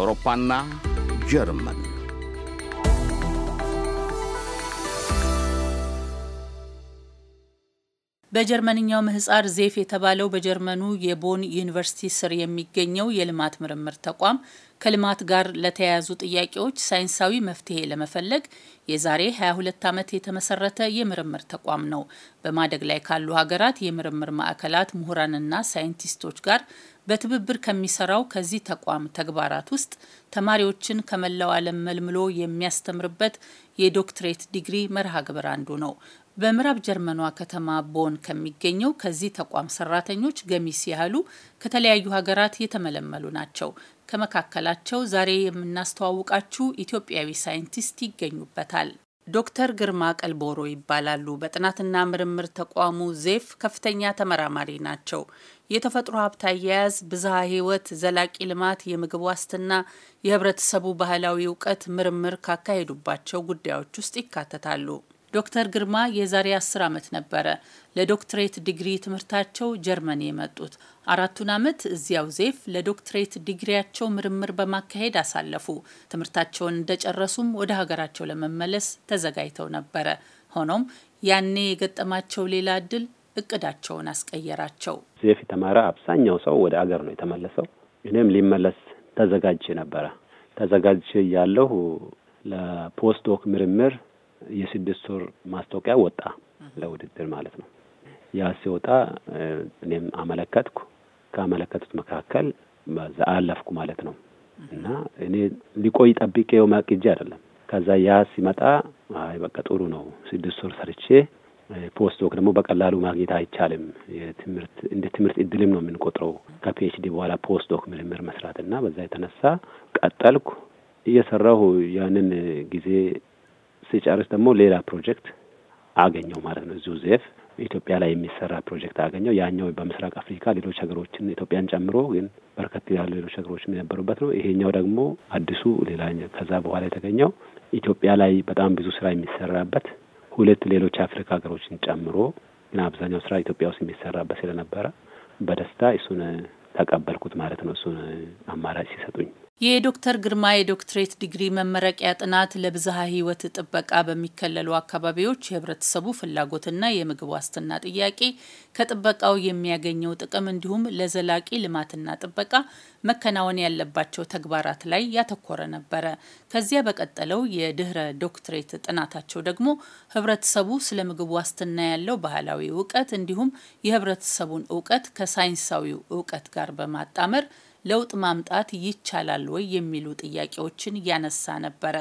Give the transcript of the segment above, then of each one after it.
አውሮፓና ጀርመን በጀርመንኛው ምህጻር ዜፍ የተባለው በጀርመኑ የቦን ዩኒቨርሲቲ ስር የሚገኘው የልማት ምርምር ተቋም ከልማት ጋር ለተያያዙ ጥያቄዎች ሳይንሳዊ መፍትሄ ለመፈለግ የዛሬ 22 ዓመት የተመሰረተ የምርምር ተቋም ነው። በማደግ ላይ ካሉ ሀገራት የምርምር ማዕከላት ምሁራንና ሳይንቲስቶች ጋር በትብብር ከሚሰራው ከዚህ ተቋም ተግባራት ውስጥ ተማሪዎችን ከመላው ዓለም መልምሎ የሚያስተምርበት የዶክትሬት ዲግሪ መርሃ ግብር አንዱ ነው። በምዕራብ ጀርመኗ ከተማ ቦን ከሚገኘው ከዚህ ተቋም ሰራተኞች ገሚስ ያህሉ ከተለያዩ ሀገራት የተመለመሉ ናቸው። ከመካከላቸው ዛሬ የምናስተዋውቃችሁ ኢትዮጵያዊ ሳይንቲስት ይገኙበታል። ዶክተር ግርማ ቀልቦሮ ይባላሉ። በጥናትና ምርምር ተቋሙ ዜፍ ከፍተኛ ተመራማሪ ናቸው። የተፈጥሮ ሀብት አያያዝ፣ ብዝሃ ሕይወት፣ ዘላቂ ልማት፣ የምግብ ዋስትና፣ የህብረተሰቡ ባህላዊ እውቀት ምርምር ካካሄዱባቸው ጉዳዮች ውስጥ ይካተታሉ። ዶክተር ግርማ የዛሬ አስር ዓመት ነበረ ለዶክትሬት ዲግሪ ትምህርታቸው ጀርመን የመጡት። አራቱን ዓመት እዚያው ዜፍ ለዶክትሬት ዲግሪያቸው ምርምር በማካሄድ አሳለፉ። ትምህርታቸውን እንደጨረሱም ወደ ሀገራቸው ለመመለስ ተዘጋጅተው ነበረ። ሆኖም ያኔ የገጠማቸው ሌላ እድል እቅዳቸውን አስቀየራቸው። ዜፍ የተማረ አብዛኛው ሰው ወደ ሀገር ነው የተመለሰው። እኔም ሊመለስ ተዘጋጅ ነበረ። ተዘጋጅ ያለሁ ለፖስት ዶክ ምርምር የስድስት ወር ማስታወቂያ ወጣ ለውድድር ማለት ነው። ያ ሲወጣ እኔም አመለከትኩ። ካመለከቱት መካከል በዛ አለፍኩ ማለት ነው እና እኔ ሊቆይ ጠብቄው ማቅጄ አይደለም። ከዛ ያ ሲመጣ አይ በቃ ጥሩ ነው ስድስት ወር ሰርቼ ፖስት ዶክ ደግሞ በቀላሉ ማግኘት አይቻልም። የትምህርት እንደ ትምህርት እድልም ነው የምንቆጥረው ከፒኤችዲ በኋላ ፖስት ዶክ ምርምር መስራት እና በዛ የተነሳ ቀጠልኩ እየሰራሁ ያንን ጊዜ ሲጨርስ ደግሞ ሌላ ፕሮጀክት አገኘው ማለት ነው። እዚሁ ዜፍ ኢትዮጵያ ላይ የሚሰራ ፕሮጀክት አገኘው። ያኛው በምስራቅ አፍሪካ ሌሎች ሀገሮችን ኢትዮጵያን ጨምሮ ግን በርከት ያሉ ሌሎች ሀገሮች የነበሩበት ነው። ይሄኛው ደግሞ አዲሱ ሌላኛው ከዛ በኋላ የተገኘው ኢትዮጵያ ላይ በጣም ብዙ ስራ የሚሰራበት ሁለት ሌሎች አፍሪካ ሀገሮችን ጨምሮ ግን አብዛኛው ስራ ኢትዮጵያ ውስጥ የሚሰራበት ስለነበረ በደስታ እሱን ተቀበልኩት ማለት ነው። እሱን አማራጭ ሲሰጡኝ የዶክተር ግርማ የዶክትሬት ዲግሪ መመረቂያ ጥናት ለብዝሃ ህይወት ጥበቃ በሚከለሉ አካባቢዎች የህብረተሰቡ ፍላጎትና የምግብ ዋስትና ጥያቄ ከጥበቃው የሚያገኘው ጥቅም እንዲሁም ለዘላቂ ልማትና ጥበቃ መከናወን ያለባቸው ተግባራት ላይ ያተኮረ ነበረ። ከዚያ በቀጠለው የድህረ ዶክትሬት ጥናታቸው ደግሞ ህብረተሰቡ ስለ ምግብ ዋስትና ያለው ባህላዊ እውቀት እንዲሁም የህብረተሰቡን እውቀት ከሳይንሳዊው እውቀት ጋር በማጣመር ለውጥ ማምጣት ይቻላል ወይ የሚሉ ጥያቄዎችን እያነሳ ነበረ።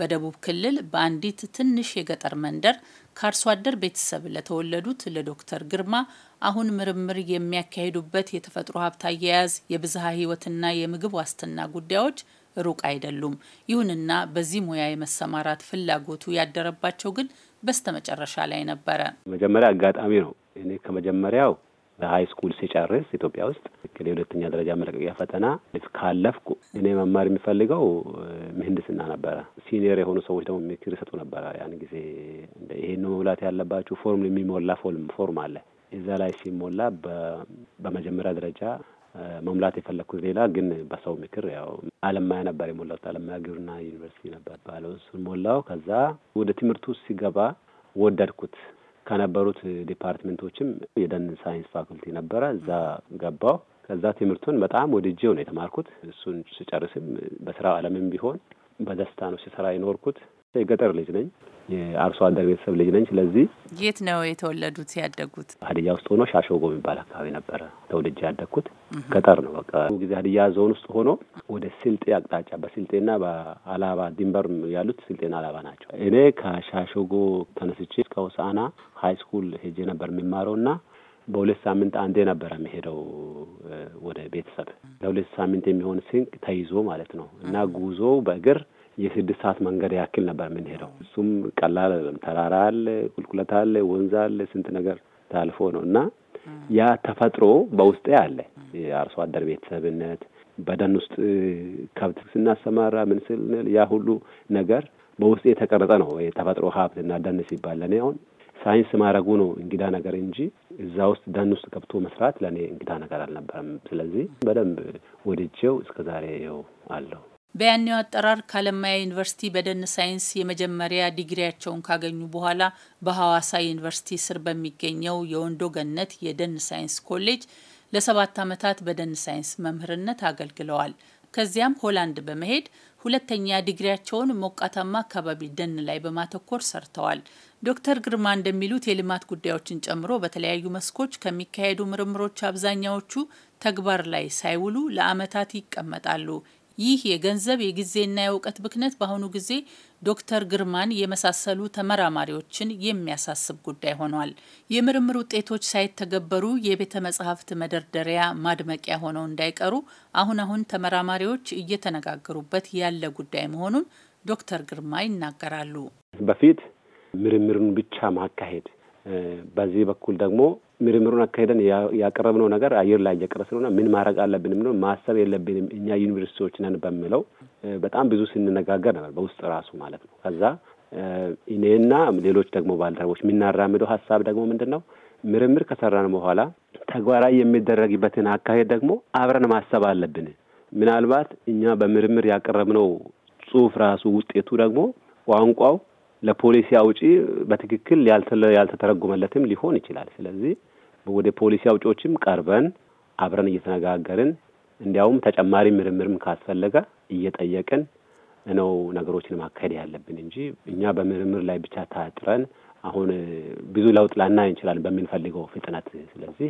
በደቡብ ክልል በአንዲት ትንሽ የገጠር መንደር ከአርሶ አደር ቤተሰብ ለተወለዱት ለዶክተር ግርማ አሁን ምርምር የሚያካሂዱበት የተፈጥሮ ሀብት አያያዝ፣ የብዝሃ ህይወትና የምግብ ዋስትና ጉዳዮች ሩቅ አይደሉም። ይሁንና በዚህ ሙያ የመሰማራት ፍላጎቱ ያደረባቸው ግን በስተመጨረሻ ላይ ነበረ። መጀመሪያ አጋጣሚ ነው። እኔ ከመጀመሪያው ሀይ ስኩል ሲጨርስ ኢትዮጵያ ውስጥ እክል የሁለተኛ ደረጃ መለቀቂያ ፈተና ካለፍኩ እኔ መማር የሚፈልገው ምህንድስና ነበረ። ሲኒየር የሆኑ ሰዎች ደግሞ ምክር ይሰጡ ነበረ። ያን ጊዜ ይሄን መሙላት ያለባችሁ ፎርም የሚሞላ ፎርም ፎርም አለ። እዛ ላይ ሲሞላ በመጀመሪያ ደረጃ መሙላት የፈለግኩት ሌላ ግን በሰው ምክር ያው አለማያ ነበር የሞላት። አለማያ ግብርና ዩኒቨርሲቲ ነበር ባለው እሱን ሞላው። ከዛ ወደ ትምህርቱ ሲገባ ወደድኩት። ከነበሩት ዲፓርትመንቶችም የደን ሳይንስ ፋኩልቲ ነበረ። እዛ ገባው። ከዛ ትምህርቱን በጣም ወድጄው ነው የተማርኩት። እሱን ስጨርስም በስራ አለምም ቢሆን በደስታ ነው ሲሰራ የኖርኩት። የገጠር ልጅ ነኝ። የአርሶ አደር ቤተሰብ ልጅ ነኝ። ስለዚህ የት ነው የተወለዱት ያደጉት? ሀዲያ ውስጥ ሆኖ ሻሸጎ የሚባል አካባቢ ነበረ ተወልጄ ያደግኩት። ገጠር ነው በቃ ጊዜ ሀዲያ ዞን ውስጥ ሆኖ ወደ ስልጤ አቅጣጫ በስልጤና በአላባ ድንበር ያሉት ስልጤና አላባ ናቸው። እኔ ከሻሸጎ ተነስቼ እስከ ሆሳዕና ሀይ ስኩል ሄጄ ነበር የሚማረው እና በሁለት ሳምንት አንዴ ነበረ የሚሄደው ወደ ቤተሰብ ለሁለት ሳምንት የሚሆን ስንቅ ተይዞ ማለት ነው እና ጉዞ በእግር የስድስት ሰዓት መንገድ ያክል ነበር የምንሄደው። እሱም ቀላል አለም። ተራራ አለ፣ ቁልቁለት አለ፣ ወንዝ አለ፣ ስንት ነገር ታልፎ ነው እና ያ ተፈጥሮ በውስጤ አለ። የአርሶ አደር ቤተሰብነት በደን ውስጥ ከብት ስናሰማራ ምን ስንል ያ ሁሉ ነገር በውስጥ የተቀረጸ ነው። የተፈጥሮ ሀብት እና ደን ሲባል ለእኔ አሁን ሳይንስ ማድረጉ ነው እንግዳ ነገር እንጂ እዛ ውስጥ ደን ውስጥ ገብቶ መስራት ለእኔ እንግዳ ነገር አልነበረም። ስለዚህ በደንብ ወድጄው እስከ ዛሬ ይኸው በያኔው አጠራር ከአለማያ ዩኒቨርሲቲ በደን ሳይንስ የመጀመሪያ ዲግሪያቸውን ካገኙ በኋላ በሐዋሳ ዩኒቨርሲቲ ስር በሚገኘው የወንዶ ገነት የደን ሳይንስ ኮሌጅ ለሰባት ዓመታት በደን ሳይንስ መምህርነት አገልግለዋል። ከዚያም ሆላንድ በመሄድ ሁለተኛ ዲግሪያቸውን ሞቃታማ አካባቢ ደን ላይ በማተኮር ሰርተዋል። ዶክተር ግርማ እንደሚሉት የልማት ጉዳዮችን ጨምሮ በተለያዩ መስኮች ከሚካሄዱ ምርምሮች አብዛኛዎቹ ተግባር ላይ ሳይውሉ ለዓመታት ይቀመጣሉ። ይህ የገንዘብ የጊዜና የእውቀት ብክነት በአሁኑ ጊዜ ዶክተር ግርማን የመሳሰሉ ተመራማሪዎችን የሚያሳስብ ጉዳይ ሆኗል። የምርምር ውጤቶች ሳይተገበሩ የቤተ መጽሐፍት መደርደሪያ ማድመቂያ ሆነው እንዳይቀሩ አሁን አሁን ተመራማሪዎች እየተነጋገሩበት ያለ ጉዳይ መሆኑን ዶክተር ግርማ ይናገራሉ። በፊት ምርምርን ብቻ ማካሄድ በዚህ በኩል ደግሞ ምርምሩን አካሄደን ያቀረብነው ነገር አየር ላይ እየቀረ ስለሆነ ምን ማድረግ አለብን የሚለው ማሰብ የለብንም እኛ ዩኒቨርሲቲዎች ነን በሚለው በጣም ብዙ ስንነጋገር ነበር፣ በውስጥ ራሱ ማለት ነው። ከዛ እኔና ሌሎች ደግሞ ባልደረቦች የምናራምደው ሀሳብ ደግሞ ምንድን ነው? ምርምር ከሰራን በኋላ ተግባራዊ የሚደረግበትን አካሄድ ደግሞ አብረን ማሰብ አለብን። ምናልባት እኛ በምርምር ያቀረብነው ጽሁፍ ራሱ ውጤቱ ደግሞ ቋንቋው ለፖሊሲ አውጪ በትክክል ያልተተረጎመለትም ሊሆን ይችላል። ስለዚህ ወደ ፖሊሲ አውጪዎችም ቀርበን አብረን እየተነጋገርን እንዲያውም ተጨማሪ ምርምርም ካስፈለገ እየጠየቅን ነው ነገሮችን ማካሄድ ያለብን እንጂ እኛ በምርምር ላይ ብቻ ታጥረን አሁን ብዙ ለውጥ ላናይ እንችላለን በምንፈልገው ፍጥነት። ስለዚህ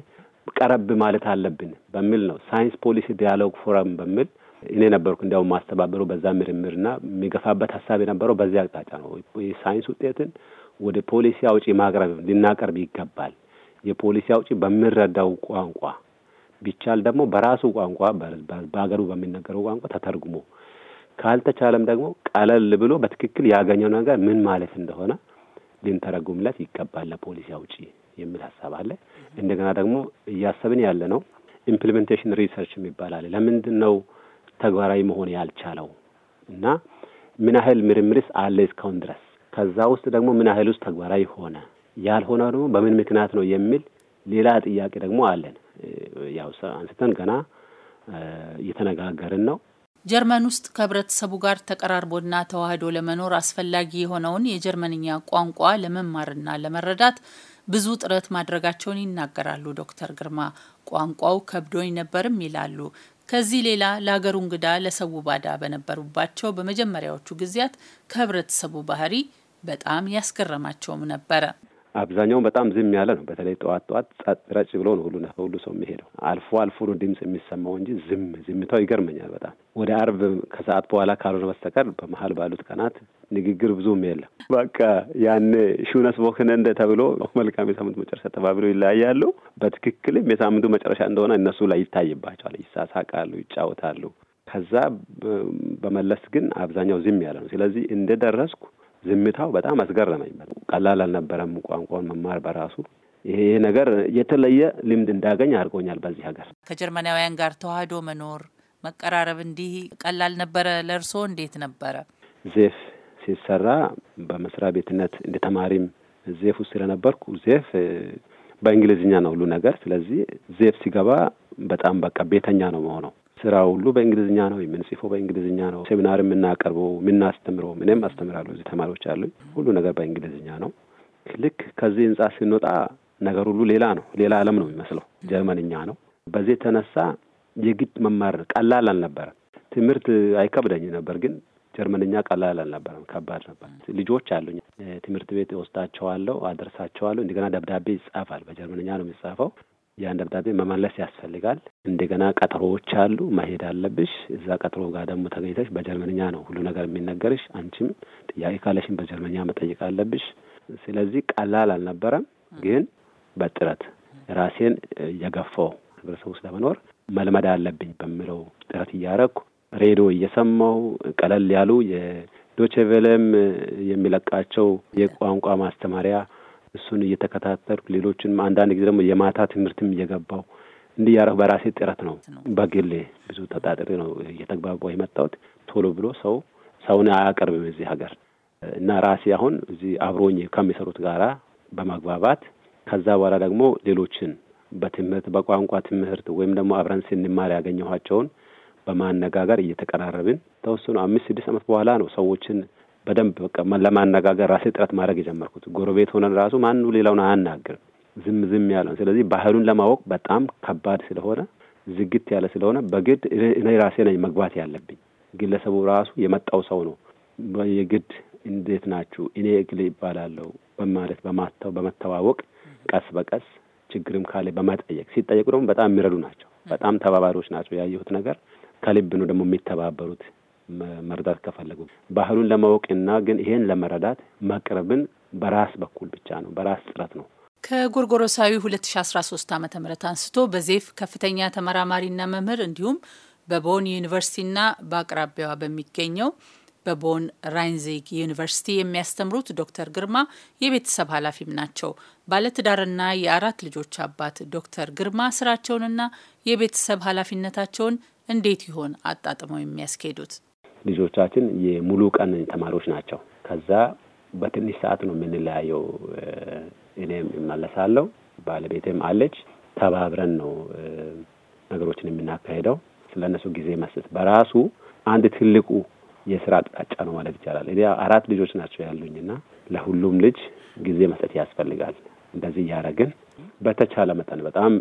ቀረብ ማለት አለብን በሚል ነው ሳይንስ ፖሊሲ ዲያሎግ ፎረም በሚል እኔ ነበርኩ እንዲያውም ማስተባበሩ በዛ ምርምርና የሚገፋበት ሀሳብ የነበረው በዚህ አቅጣጫ ነው። የሳይንስ ውጤትን ወደ ፖሊሲ አውጪ ማቅረብ ልናቀርብ ይገባል። የፖሊሲ አውጪ በሚረዳው ቋንቋ ቢቻል ደግሞ በራሱ ቋንቋ በሀገሩ በሚነገረው ቋንቋ ተተርጉሞ ካልተቻለም ደግሞ ቀለል ብሎ በትክክል ያገኘው ነገር ምን ማለት እንደሆነ ልንተረጉምለት ይገባል ለፖሊሲ አውጪ የሚል ሀሳብ አለ። እንደገና ደግሞ እያሰብን ያለ ነው ኢምፕሊሜንቴሽን ሪሰርች የሚባል አለ። ለምንድን ነው ተግባራዊ መሆን ያልቻለው እና ምን ያህል ምርምርስ አለ እስካሁን ድረስ ከዛ ውስጥ ደግሞ ምን ያህል ውስጥ ተግባራዊ ሆነ ያልሆነ ደግሞ በምን ምክንያት ነው የሚል ሌላ ጥያቄ ደግሞ አለን። ያው አንስተን ገና እየተነጋገርን ነው። ጀርመን ውስጥ ከህብረተሰቡ ጋር ተቀራርቦና ተዋህዶ ለመኖር አስፈላጊ የሆነውን የጀርመንኛ ቋንቋ ለመማርና ለመረዳት ብዙ ጥረት ማድረጋቸውን ይናገራሉ ዶክተር ግርማ። ቋንቋው ከብዶኝ ነበርም ይላሉ። ከዚህ ሌላ ለአገሩ እንግዳ፣ ለሰው ባዳ በነበሩባቸው በመጀመሪያዎቹ ጊዜያት ከህብረተሰቡ ባህሪ በጣም ያስገረማቸውም ነበረ። አብዛኛውን በጣም ዝም ያለ ነው። በተለይ ጠዋት ጠዋት ጸጥ ረጭ ብሎ ነው ሁሉ ሁሉ ሰው የሚሄደው። አልፎ አልፎ ነው ድምፅ የሚሰማው እንጂ ዝም ዝምታው ይገርመኛል በጣም ወደ አርብ ከሰዓት በኋላ ካልሆነ በስተቀር በመሀል ባሉት ቀናት ንግግር ብዙም የለም። በቃ ያኔ ሹነስ ቦክነ እንደ ተብሎ መልካም የሳምንቱ መጨረሻ ተባብሎ ይለያያሉ። በትክክልም የሳምንቱ መጨረሻ እንደሆነ እነሱ ላይ ይታይባቸዋል። ይሳሳቃሉ፣ ይጫወታሉ። ከዛ በመለስ ግን አብዛኛው ዝም ያለ ነው። ስለዚህ እንደደረስኩ ዝምታው በጣም አስገረመኝ። ቀላል አልነበረም ቋንቋውን መማር በራሱ ይሄ ነገር የተለየ ልምድ እንዳገኝ አድርጎኛል። በዚህ ሀገር ከጀርመናውያን ጋር ተዋህዶ መኖር መቀራረብ እንዲህ ቀላል ነበረ? ለእርስዎ እንዴት ነበረ? ዜፍ ሲሰራ በመስሪያ ቤትነት እንደ ተማሪም ዜፍ ውስጥ ስለነበርኩ ዜፍ በእንግሊዝኛ ነው ሁሉ ነገር። ስለዚህ ዜፍ ሲገባ በጣም በቃ ቤተኛ ነው መሆነው ስራ ሁሉ በእንግሊዝኛ ነው የምንጽፈው፣ በእንግሊዝኛ ነው ሴሚናር የምናቀርበው፣ የምናስተምረው። እኔም አስተምራለሁ፣ እዚህ ተማሪዎች አሉ። ሁሉ ነገር በእንግሊዝኛ ነው። ልክ ከዚህ ህንጻ ስንወጣ ነገር ሁሉ ሌላ ነው። ሌላ ዓለም ነው የሚመስለው። ጀርመንኛ ነው። በዚህ የተነሳ የግድ መማር ቀላል አልነበረም። ትምህርት አይከብደኝ ነበር፣ ግን ጀርመንኛ ቀላል አልነበረም፣ ከባድ ነበር። ልጆች አሉኝ፣ ትምህርት ቤት ወስዳቸዋለሁ፣ አደርሳቸዋለሁ። እንደገና ደብዳቤ ይጻፋል፣ በጀርመንኛ ነው የሚጻፈው። ያን ደብዳቤ መመለስ ያስፈልጋል። እንደገና ቀጠሮዎች አሉ፣ መሄድ አለብሽ። እዛ ቀጠሮ ጋር ደግሞ ተገኝተሽ በጀርመንኛ ነው ሁሉ ነገር የሚነገርሽ። አንቺም ጥያቄ ካለሽም በጀርመንኛ መጠየቅ አለብሽ። ስለዚህ ቀላል አልነበረም፣ ግን በጥረት ራሴን እየገፋው ህብረተሰብ ውስጥ ለመኖር መልመድ አለብኝ በሚለው ጥረት እያረኩ ሬዲዮ እየሰማው ቀለል ያሉ የዶቼቬለም የሚለቃቸው የቋንቋ ማስተማሪያ እሱን እየተከታተሉ ሌሎችንም አንዳንድ ጊዜ ደግሞ የማታ ትምህርትም እየገባው እንዲህ ያደረኩ በራሴ ጥረት ነው። በግሌ ብዙ ተጣጥሪ ነው እየተግባባው የመጣሁት። ቶሎ ብሎ ሰው ሰውን አያቀርብም እዚህ ሀገር እና ራሴ አሁን እዚህ አብሮኝ ከሚሰሩት ጋራ በመግባባት ከዛ በኋላ ደግሞ ሌሎችን በትምህርት በቋንቋ ትምህርት ወይም ደግሞ አብረን ስንማር ያገኘኋቸውን በማነጋገር እየተቀራረብን ተወሰኑ አምስት ስድስት ዓመት በኋላ ነው ሰዎችን በደንብ ለማነጋገር ራሴ ጥረት ማድረግ የጀመርኩት። ጎረቤት ሆነን ራሱ ማኑ ሌላውን አያናግር ዝም ዝም ያለ ስለዚህ ባህሉን ለማወቅ በጣም ከባድ ስለሆነ ዝግት ያለ ስለሆነ በግድ እኔ ራሴ ነኝ መግባት ያለብኝ። ግለሰቡ ራሱ የመጣው ሰው ነው የግድ እንዴት ናችሁ እኔ እግል ይባላለሁ በማለት በማተው በመተዋወቅ ቀስ በቀስ ችግርም ካለ በመጠየቅ ሲጠየቁ ደግሞ በጣም የሚረዱ ናቸው። በጣም ተባባሪዎች ናቸው። ያየሁት ነገር ከልብ ነው ደግሞ የሚተባበሩት። መረዳት ከፈለጉ ባህሉን ለማወቅና ግን ይሄን ለመረዳት መቅረብን በራስ በኩል ብቻ ነው፣ በራስ ጥረት ነው። ከጎርጎሮሳዊ 2013 ዓ ም አንስቶ በዜፍ ከፍተኛ ተመራማሪና መምህር እንዲሁም በቦን ዩኒቨርሲቲና በአቅራቢያዋ በሚገኘው በቦን ራይንዚግ ዩኒቨርሲቲ የሚያስተምሩት ዶክተር ግርማ የቤተሰብ ኃላፊም ናቸው። ባለትዳርና የአራት ልጆች አባት ዶክተር ግርማ ስራቸውንና የቤተሰብ ኃላፊነታቸውን እንዴት ይሆን አጣጥመው የሚያስኬዱት? ልጆቻችን የሙሉ ቀን ተማሪዎች ናቸው። ከዛ በትንሽ ሰዓት ነው የምንለያየው። እኔም እመለሳለሁ፣ ባለቤትም አለች። ተባብረን ነው ነገሮችን የምናካሄደው። ስለ እነሱ ጊዜ መስጠት በራሱ አንድ ትልቁ የስራ አቅጣጫ ነው ማለት ይቻላል። እኔ አራት ልጆች ናቸው ያሉኝና ለሁሉም ልጅ ጊዜ መስጠት ያስፈልጋል። እንደዚህ እያደረግን በተቻለ መጠን በጣም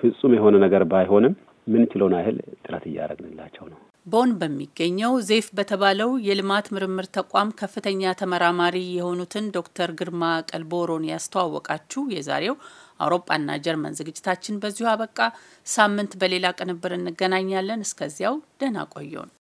ፍጹም የሆነ ነገር ባይሆንም ምንችለውን ያህል ጥረት እያደረግንላቸው ነው። ቦን በሚገኘው ዜፍ በተባለው የልማት ምርምር ተቋም ከፍተኛ ተመራማሪ የሆኑትን ዶክተር ግርማ ቀልቦሮን ያስተዋወቃችሁ የዛሬው አውሮፓና ጀርመን ዝግጅታችን በዚሁ አበቃ። ሳምንት በሌላ ቅንብር እንገናኛለን። እስከዚያው ደህና ቆየን።